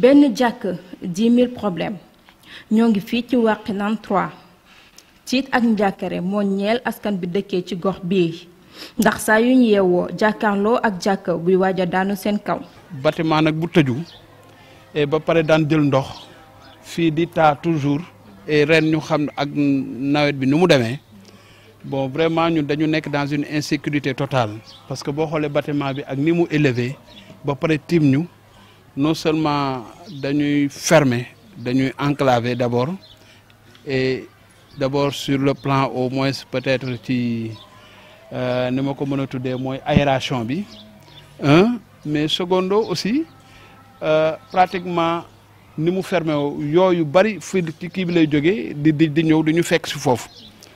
Ben jàkk 10 000 problèmes ñoo ngi ci 3 Tite ak Nous mo ñeel askan bi Nous ci gox ndax yu jakarlo ak bu waja daanu sen kaw. bâtiment bu et ba paré daan ndox di toujours et ren ñu xam ak nawet bi nu mu démé bon vraiment ñun dañu nekk dans une insécurité totale parce que bon, xolé bâtiment bi ak élevé ba non seulement dañuy fermer dañuy enclaver d'abord, et d'abord sur le plan au moins peut-être qui euh, ne ma ko mën a tuddee aération bi hein, mais secondo aussi euh, pratiquement nous nous yo yooyu bari fi ci kii bi lay jógee di di di ñu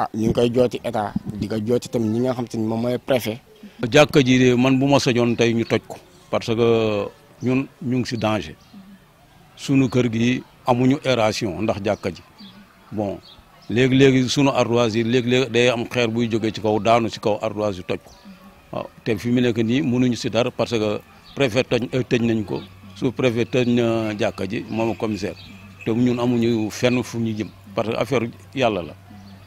ah ñu ngi koy jooti état di ko jooti tamit ñi nga xam te ni moom mooy préfet. jàkka ji de man bu ma sojoon tey ñu toj ko parce que ñun ñu ngi si danger sunu kër gi amuñu ération ndax jàkka ji bon léegi léegi sunu ardoise yi léegi léegi day am xeer buy jógee ci kaw daanu si kaw ardoise toj ko waaw te fi mu nekk nii mënuñu si dara parce que préfet toj eh, tëj nañ ko su préfet tëj na jàkka ji moom commissaire te ñun amuñu fenn fu ñu jëm parce que affaire yàlla la.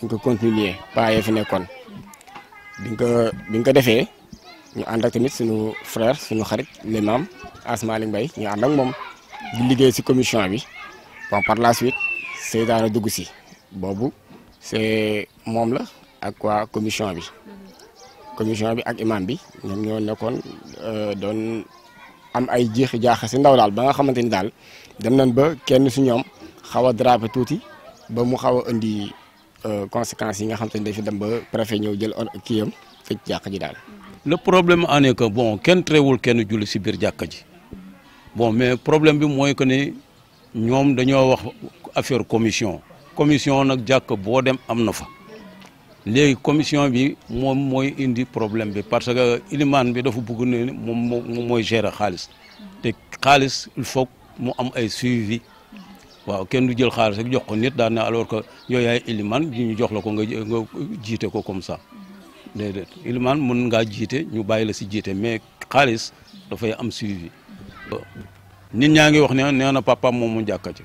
dañ ko continuer paye ya fi nekkon biñ ko biñ ko defé ñu and ak tamit suñu frère suñu xarit l'imam Asma Malik Bay ñu and ak mom di liggéey ci commission bi bon par la suite dara dugg ci bobu c'est mom la ak quoi commission bi commission bi ak imam bi ñom ñoo nekkon euh don am ay jeex jaax ci ndaw dal ba nga xamanteni dal dem nañ ba kenn su ñom xawa drapé tuuti ba mu xawa andi Euh, conséquences yi nga xam te ne dafi dem ba préfet ñëw jël kiyam am tëj jàkka ji daal. le problème en est que bon kenn teewul kenn julli si biir jàkka ji bon mais problème bi mooy que ne ñoom dañoo wax affaire commission commission nag jàkk boo dem am na fa léegi commission bi moom mooy indi problème bi parce que ilimaan bi dafa bëgg ne moom mooy gérer xaalis te xaalis il faut mu am ay suivi waaw kenn du jël xaalis rek jox ko nit daan na alors que yow yaay iliman ñu jox la ko nga nga jiite ko comme ça déedéet iliman mën ngaa jiite ñu bàyyi la si jiite mais xaalis dafay am suivi. nit ñaa ngi wax ne nee na papaam moom mu jàkka ci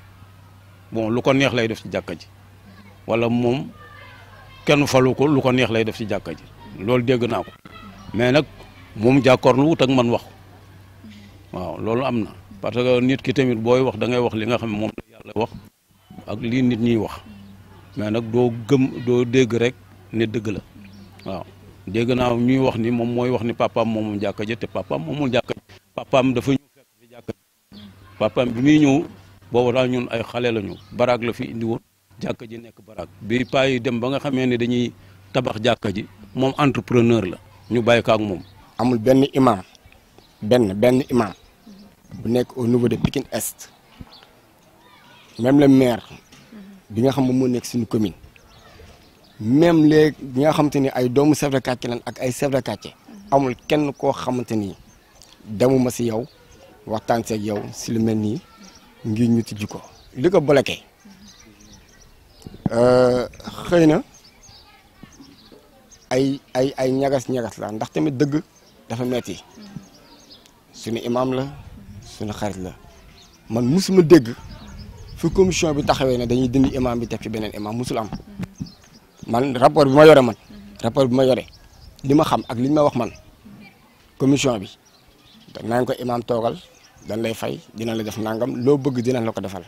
bon lu ko neex lay def si jàkka ji wala moom kenn falu ko lu ko neex lay def si jàkka ji loolu dégg naa ko mais nag moom jàkkoor na wut ak man wax waaw loolu am na parce que nit ki tamit booy wax da ngay wax li nga xam ne moom la wax ak lii nit ñuy wax mais nag doo gëm doo dégg rek ne dëgg la waaw dégg naa ñuy wax ni moom mooy wax ni papaam moomul jàkka ja te papaam moomul jàkka ja papaam dafa ñëw fekk jàkka bi muy ñëw boobu daal ay xale la baraag la fi indi jàkka ji nekk baraag bi paa dem ba nga xamee ne dañuy tabax jàkka ji moom entrepreneur la ñu bàyyi ko moom. amul benn imam benn benn imam bu nekk au niveau de Pikine Est. même le maire bi nga xam moom moo nekk suñu commune même les ñi nga xamante ni ay doomu chef de lan ak ay chef de amul kenn koo xamante ni demuma si yow waxtaan seeg yow si lu mel nii ngir ñu tijji ko. li ko bloqué euh, xëy na ay ay ay ñagas-ñagas la ndax tamit dëgg dafa metti suñu imam la suñu xarit la man musuma dégg. fu commission bi taxawee ne dañuy dindi imam bi teg ci benen imam musul am man rapport bi ma yore man rapport bi ma yore li ma xam ak li ma wax man commission bi danañ ko imam toogal dañ lay fay dina la def nangam loo bëgg dina la ko defal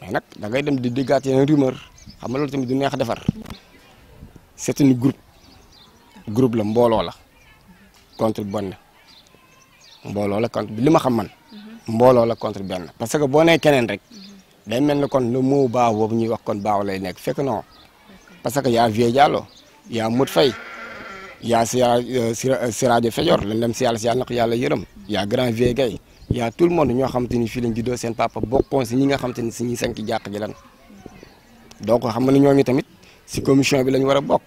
mais nag da ngay dem di déggaat yeneen rumeur xam ma loolu tamit du xa defar c'est une groupe groupe la mbooloo la contre bonne mbooloo la contre li ma xam man mbooloo la contre benn parce que boo nee keneen rek day melni kon le mot baaw boobu ñuy wax kon baaw lay nekk fekk non parce que ya vie Diallo ya mut fay ya sira euh, euh, de fayor lañ dem ci yalla ci yalla nak yalla yàlla ya grand vie gay ya tout le monde ño xamanteni fi fii lañ juddoo sen papa bokkon si ñi nga xamanteni ci ñi sanki jàq ji lan donc xam na ne tamit si commission bi lañ wara bok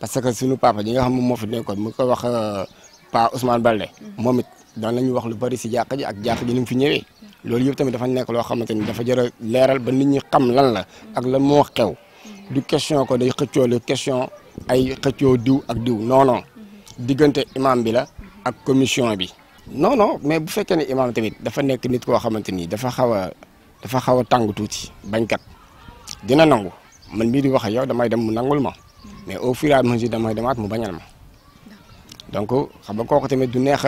parce que suñu papa ji nga xam mo fi nekkoon mu ko wax euh, pa Ousmane Balde mm-hmm. momit dan lañ wax lu bari si jàq ji ak jàq ji ni fi ñëwee loolu yëpp tamit dafa nekk loo xamante dafa a ba nit ñi xam lan la ak xew question ko day question ay xëccoo non non diggante imam bi la commission bi non non mais bu fekkee ne imam tamit dafa nekk nit koo dafa dafa dina nangu man mii di wax yow dem mu nangul ma mais au fur et à mesure damay mu bañal ma donc xam tamit du neex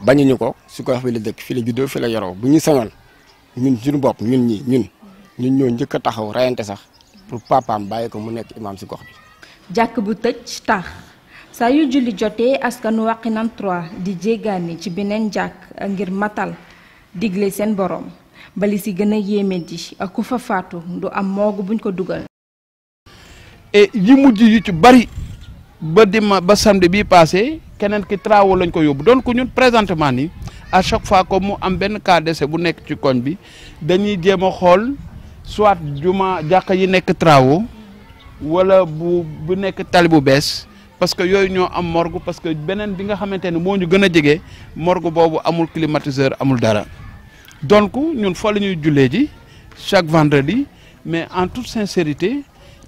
bañu ñuko su ko wax fi la dekk fi la juddoo fi la yoroo bu ñu sañoon ñun suñu bop ñun ñi ñun ñun ñoo ñëk taxaw rayante sax pour papaam mu nekk gox bi jakk bu tecc tax sa yu julli askanu waqinan 3 di jéggaani ci benen jakk ngir matal diglé sen borom bali si aku fafato yéeme di ku fa faatu du am moogu buñ ko duggal et yi mujj yu ci bari ba dima ba samedi bi passé kenen ki trawo lañ ko yóbbu donc ñun présentement ni à chaque fois que mu am ben cas décès bu nek ci koñ bi dañuy jéem xol soit juma jàkka yi nek trawo wala bu bu nek tali bes parce que yoy ñoo am morgue parce que benen bi nga xamanteni ne moo ñu gën a morgue boobu amul climatiseur amul dara donc ñun fa lañuy julé jullee ji chaque vendredi mais en toute sincérité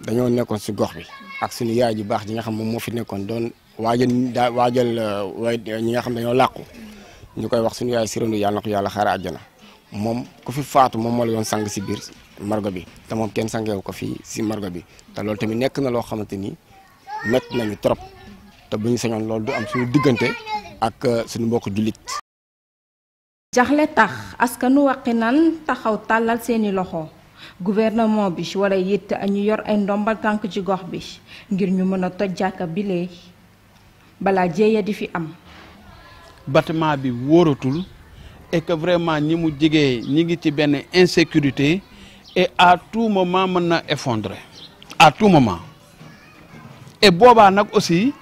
dañoo nekkoon si gox bi ak suñu yaay ji baax ji nga xam moom moo fi nekkoon doon waajal daa waajal uh, way uh, ñi nga xam dañoo làqu ñu koy wax suñu yaay sirandu yàlla na ko yàlla xaare àjjana moom ku fi faatu moom moo la doon sang si biir margo bi te moom kenn sangeewu ko fii si margo bi te loolu tamit nekk na loo xamante ni métti nañu trop te bu ñu sañoon loolu du am suñu diggante ak uh, suñu mbokk julit jaxle tax askanu waqinan taxaw tàllal seeni loxo gouvernement bi wala a ñu yor ay ndombal tànk ci gox bi ngir ñu mën a toj jàkka bile balaa jéeya di fi am. bâtiment bi wóoratul et que vraiment ñi mu jege ñi ngi ci benn insécurité et à tout moment mën na effondrer à tout moment et boobaa nag aussi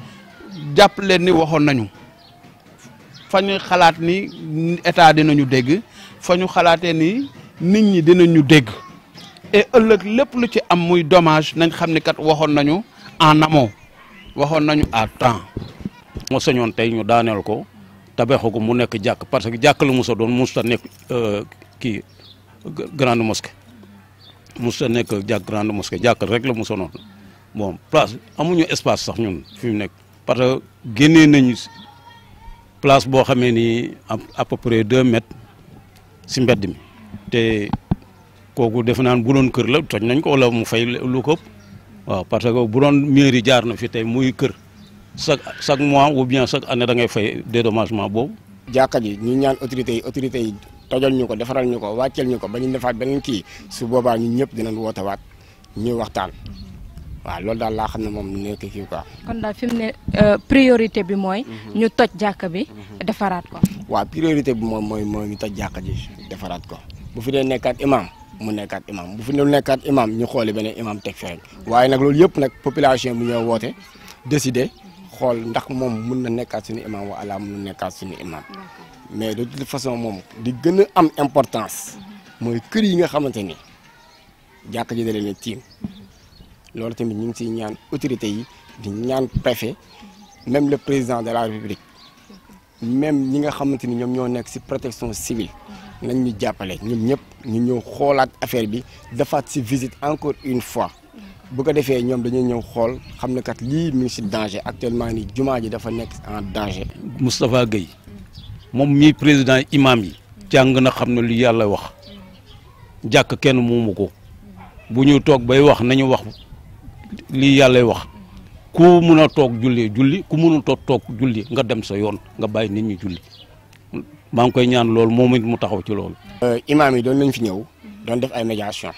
jàpp leen ni waxoon nañu fa ñu xalaat ni état dinañu dégg fa ñu xalaatee ni nit ñi dina ñu dégg. et ëllëg lépp lu ci am muy domage nañ xam ni kat waxoon nañu en amont waxoon nañu à temps moo sañoon tey ñu daaneel ko tabaxu ko mu nekk jàkk parce que jàkk la musa doon musta nekk euh, kii grande mosquée musta nekk jàkk grande mosquée jàkk rek la musa noon bon place amuñu espace sax ñun fi mu nekk parce que génnee nañu place boo xamee ni à peu près deux mètres si mbedd mi te kooku defe naan bu doon kër la toj nañ ko wala mu fay lu ko ëpp waaw parce que bu doon mairie jaar na fi tey muy kër chaque chaque mois ou bien chaque année da ngay fay dédommagement boobu. jàkka ji ñu ñaan autorités yi autorités yi tojal ñu ko defaral ñu ko wàcceel ñu ko ba ñu defaat beneen kii su boobaa ñun ñëpp dinañ wootawaat ñuy waxtaan. waaw loolu daal laa xam ne moom nekk kii quoi. kon daal fi mu ne euh, priorité bi mooy. Mhm. ñu toj jàkka bi. Mhm. defaraat ko. waa priorité bi moom mooy mooy ñu toj jàkka ji defaraat ko bu fi dee nekkaat imam mu nekkaat imam bu fi ne imam ñu beneen imam population les ñoo woote décidé imam imam mais de toute façon moom di am importance kër yi nga ji loolu tamit ñaan autorité yi di même le président de la république même ñi nga protection civile nañ ñu jàppale ñun ñëpp ñu ñëw xoolaat affaire bi defaat si visite encore une fois bu ko defee ñoom dañuy ñëw xool xam ne kat lii mi ngi si danger actuellement ni jumaa ji dafa nekk en danger. Moustapha Gueye moom mii président imam yi jàng na xam ne lu yàlla wax jàkk kenn moomu ko bu ñu toog bay wax nañu wax lii yàlla wax ku mun a toog julli julli ku mun a toog toog julli nga dem sa yoon nga bàyyi nit ñi julli maa ngi koy ñaan loolu moom it mu taxaw ci loolu. Euh, imaam yi doon nañ fi ñëw doon def ay médiation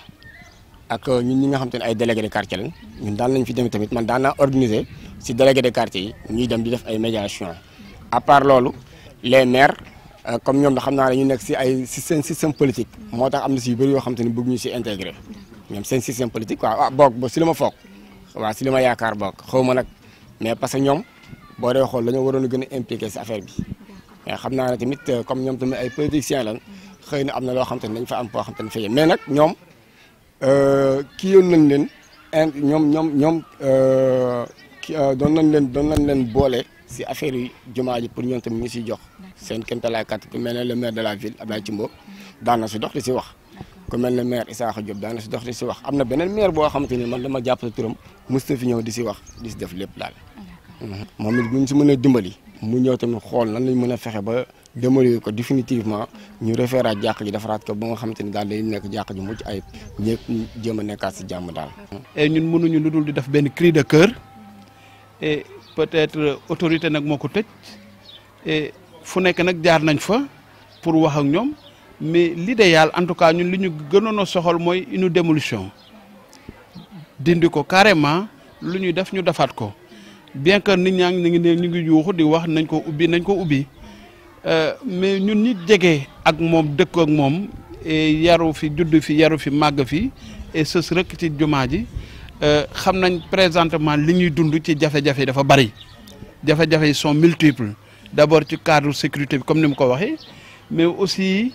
ak euh, ñun ñi nga xam te ne ay délégué de quartier lañ ñun daan nañ fi dem tamit man daan naa organiser si délégué de quartier yi ñuy dem di def ay médiation à part loolu les maires euh, comme ñoom da xam naa ñu nekk si ay si système politique moo tax am na si yu bëri yoo xam te ne bëgg ñu si intégré ñoom seen système politique quoi ah boog si li ma foog waaw si li ma yaakaar boog xaw ma nag mais parce que ñoom boo dee xool dañoo waroon a gën a impliqué si affaire bi. xam naa ne tamit comme ñoom tamit ay politiciens lan xëy na am na loo xam te ne dañ fa am boo xam te ne fa mais nag ñoom kii yoon nañ leen inde ñoom ñoom ñoom doon nañ leen doon nañ leen boole si affaire yi jumaa ji pour ñoom tamit ñu siy jox seen kéemtalaay kàtt ku mel ne le maire de la ville Abdoulaye Thimbo daan na si dox di si wax. ku mel ne maire Isaaxa Diop daan na si dox di si wax am na beneen maire boo xamante ni man dama jàppale turam Moustapha fi ñëw di si wax di si def lépp daal. moom it bu ñu si mënee dimbali. mu ñëw tamit xool lan lañ mën a fexe ba démolir ko définitivement ñu refeeraat jàkk ji defaraat ko ba nga xam te ni daal day nekk jàkk ji mucc ayib ñëpp jéem a nekkaat si jàmm daal. et ñun mënuñu lu dul di def benn cri de cœur et peut-être autorité nag moo ko tëj et fu nekk nag jaar nañ fa pour wax ak ñoom mais l'idéal en tout cas ñun li ñu gënoon a soxal mooy une démolition dindi ko carrément lu ñuy def ñu defaat ko. bien que nit ñaa ngi ne ñu ngi yuuxu di wax nañ ko ubbi nañ ko ubbi euh, mais ñun ñi jege ak moom dëkk ak moom yaru fi judd fi yaru fi màgg fi et sës rek ci jumaa ji euh, xam nañ présentement li ñuy dund ci jafe-jafe yi dafa bari jafe-jafe yi sont multiples d'abord ci cadre sécurité bi comme ni mu ko waxee mais aussi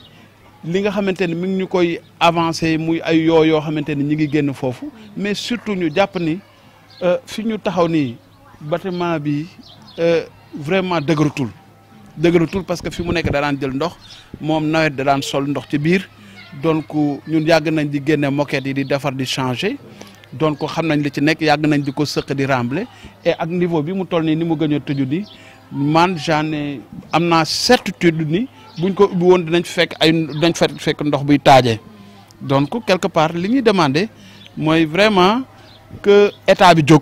li nga xamante ni mi ngi ñu koy avancé muy ay yoo yoo xamante ni ñu ngi génn foofu mais surtout ñu jàpp ni euh, fi ñu taxaw nii. bâtiment bi euh, vraiment dëgërutul dëgërutul parce que fi mu nekk da daan jël ndox moom nawet da daan sol ndox ci biir donc ñun yàgg nañ di génne moquette yi di defar di changer donc xam nañ li ci nekk yàgg nañ di ko sëq di rambler et ak niveau bi mu toll nii ni mu gën a tëju ni man j'en am naa certitude ni buñ ko ubbi woon dinañ fekk ay dinañ fekk ndox buy taajee donc quelque part li ñuy demandé mooy vraiment que état bi jóg.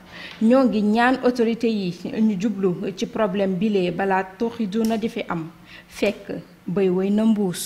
ñoo ngi ñaan autorité yi ñu jublu ci problème bilee balaa tooxi duna di fi am fekk béy woy na mbuus